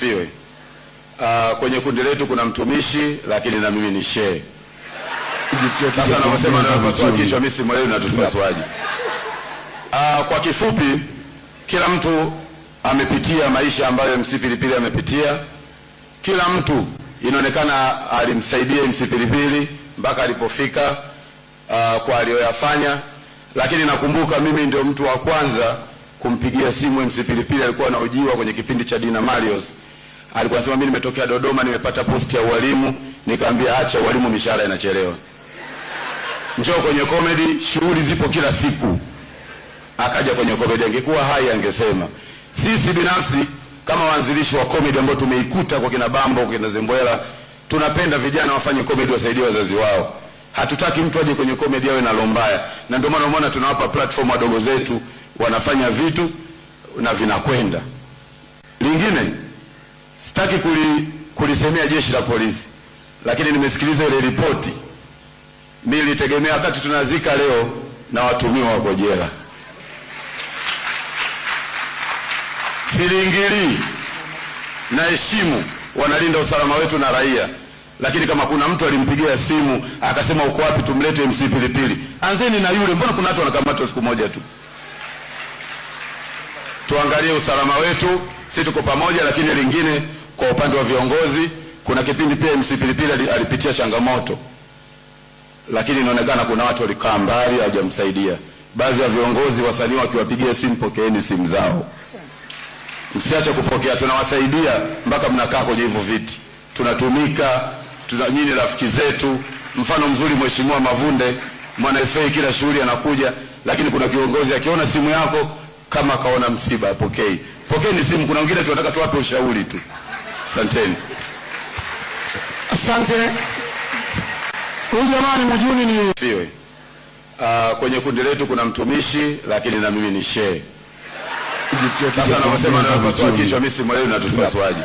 Fiwe. Uh, ah, kwenye kundi letu kuna mtumishi lakini na mimi ni shehe. Sasa navyosema napasua kichwa mimi simwelewi natupasuaji. Uh, ah, kwa kifupi kila mtu amepitia maisha ambayo MC Pilipili amepitia. Kila mtu inaonekana alimsaidia MC Pilipili mpaka alipofika uh, kwa aliyoyafanya, lakini nakumbuka mimi ndio mtu wa kwanza kumpigia simu MC Pilipili, alikuwa na ujiwa kwenye kipindi cha Dina Marios alikuwa anasema mimi nimetokea Dodoma, nimepata posti ya walimu. Nikamwambia acha walimu, mishahara inachelewa. Njoo kwenye comedy, shughuli zipo kila siku. Akaja kwenye comedy, angekuwa hai angesema sisi binafsi kama waanzilishi wa comedy ambao tumeikuta kwa kina Bambo, kwa kina Zembwela, tunapenda vijana wafanye comedy, wasaidie wazazi wao. Hatutaki mtu aje kwenye comedy awe na lombaya, na ndio maana umeona tunawapa platform wadogo zetu, wanafanya vitu na vinakwenda lingine Sitaki kulisemea jeshi la polisi, lakini nimesikiliza ile ripoti. Nilitegemea wakati tunazika leo na watumiwa wako jela. Siliingilii na wanalinda usalama wetu na raia, lakini kama kuna mtu alimpigia simu akasema uko wapi, tumlete MC Pilipili, anzeni na yule. Mbona kuna watu wanakamata siku moja tu? tuangalie usalama wetu, si tuko pamoja. Lakini lingine kwa upande wa viongozi, kuna kipindi pia MC Pilipili alipitia changamoto, lakini inaonekana kuna watu walikaa mbali, hawajamsaidia. Baadhi ya viongozi, wasanii wakiwapigia simu, pokeeni simu zao, msiache kupokea. Tunawasaidia mpaka mnakaa kwenye hivyo viti, tunatumika tuna, nyinyi rafiki zetu. Mfano mzuri Mheshimiwa Mavunde, mwana FA, kila shughuli anakuja, lakini kuna kiongozi akiona simu yako kama akaona msiba apokei, pokeeni simu. Kuna wengine tunataka tuwape ushauri tu. Asanteni, asante. Huyu jamani, mjuni ni fiwe. Uh, ah, kwenye kundi letu kuna mtumishi lakini na mimi ni shehe. Sasa anavyosema napasua kichwa, mimi simwelewi natupasuaji.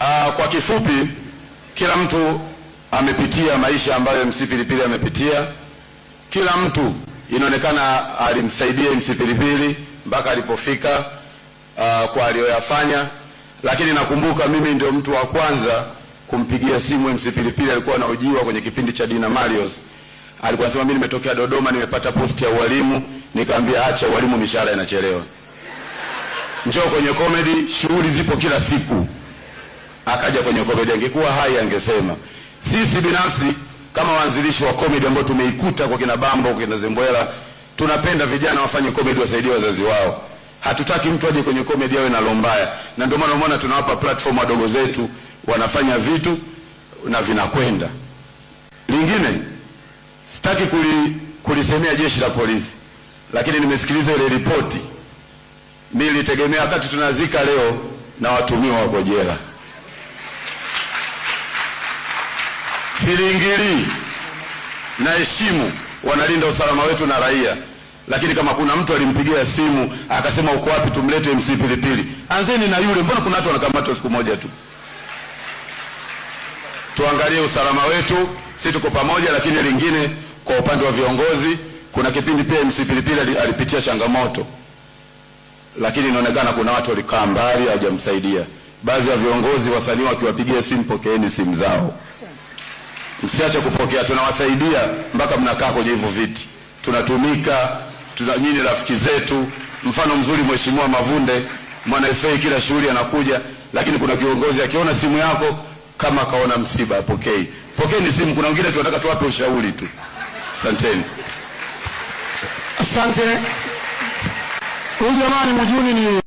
Uh, ah, kwa kifupi, kila mtu amepitia maisha ambayo MC Pilipili amepitia, kila mtu inaonekana alimsaidia MC Pilipili mpaka alipofika uh, kwa aliyoyafanya, lakini nakumbuka mimi ndio mtu wa kwanza kumpigia simu MC Pilipili, alikuwa anaujiwa kwenye kipindi cha Dina Marios. Alikuwa anasema mimi nimetokea Dodoma, nimepata posti ya ualimu, Nikamwambia acha ualimu, mishahara inachelewa, njoo kwenye comedy, shughuli zipo kila siku. Akaja kwenye comedy, angekuwa hai angesema sisi binafsi kama waanzilishi wa comedy ambao tumeikuta kwa kina Bambo, kwa kina Zembwela, tunapenda vijana wafanye comedy, wasaidie wazazi wao. Hatutaki mtu aje kwenye comedy awe na lombaya, na ndio maana umeona tunawapa platform wadogo zetu, wanafanya vitu na vinakwenda. Lingine sitaki kuli, kulisemea jeshi la polisi, lakini nimesikiliza ile ripoti, nilitegemea wakati tunazika leo na watumiwa wako jela. Siliingilii na heshimu, wanalinda usalama wetu na raia. Lakini kama kuna mtu alimpigia simu akasema uko wapi, tumlete MC Pilipili, anzeni na yule. Mbona kuna watu wanakamatwa siku moja tu? Tuangalie usalama wetu, si tuko pamoja. Lakini lingine, kwa upande wa viongozi, kuna kipindi pia MC Pilipili alipitia changamoto, lakini inaonekana kuna watu walikaa mbali, hawajamsaidia. Baadhi ya viongozi, wasanii wakiwapigia simu, pokeeni simu zao. Msiache kupokea, tunawasaidia mpaka mnakaa kwenye hivyo viti, tunatumika tuna, nyinyi rafiki zetu. Mfano mzuri Mheshimiwa Mavunde mwana FA, kila shughuli anakuja, lakini kuna kiongozi akiona simu yako kama kaona msiba, apokei pokei ni simu. Kuna wengine tunataka tuwape ushauri tu. Asanteni, asante. Huyu jamani, mjuni ni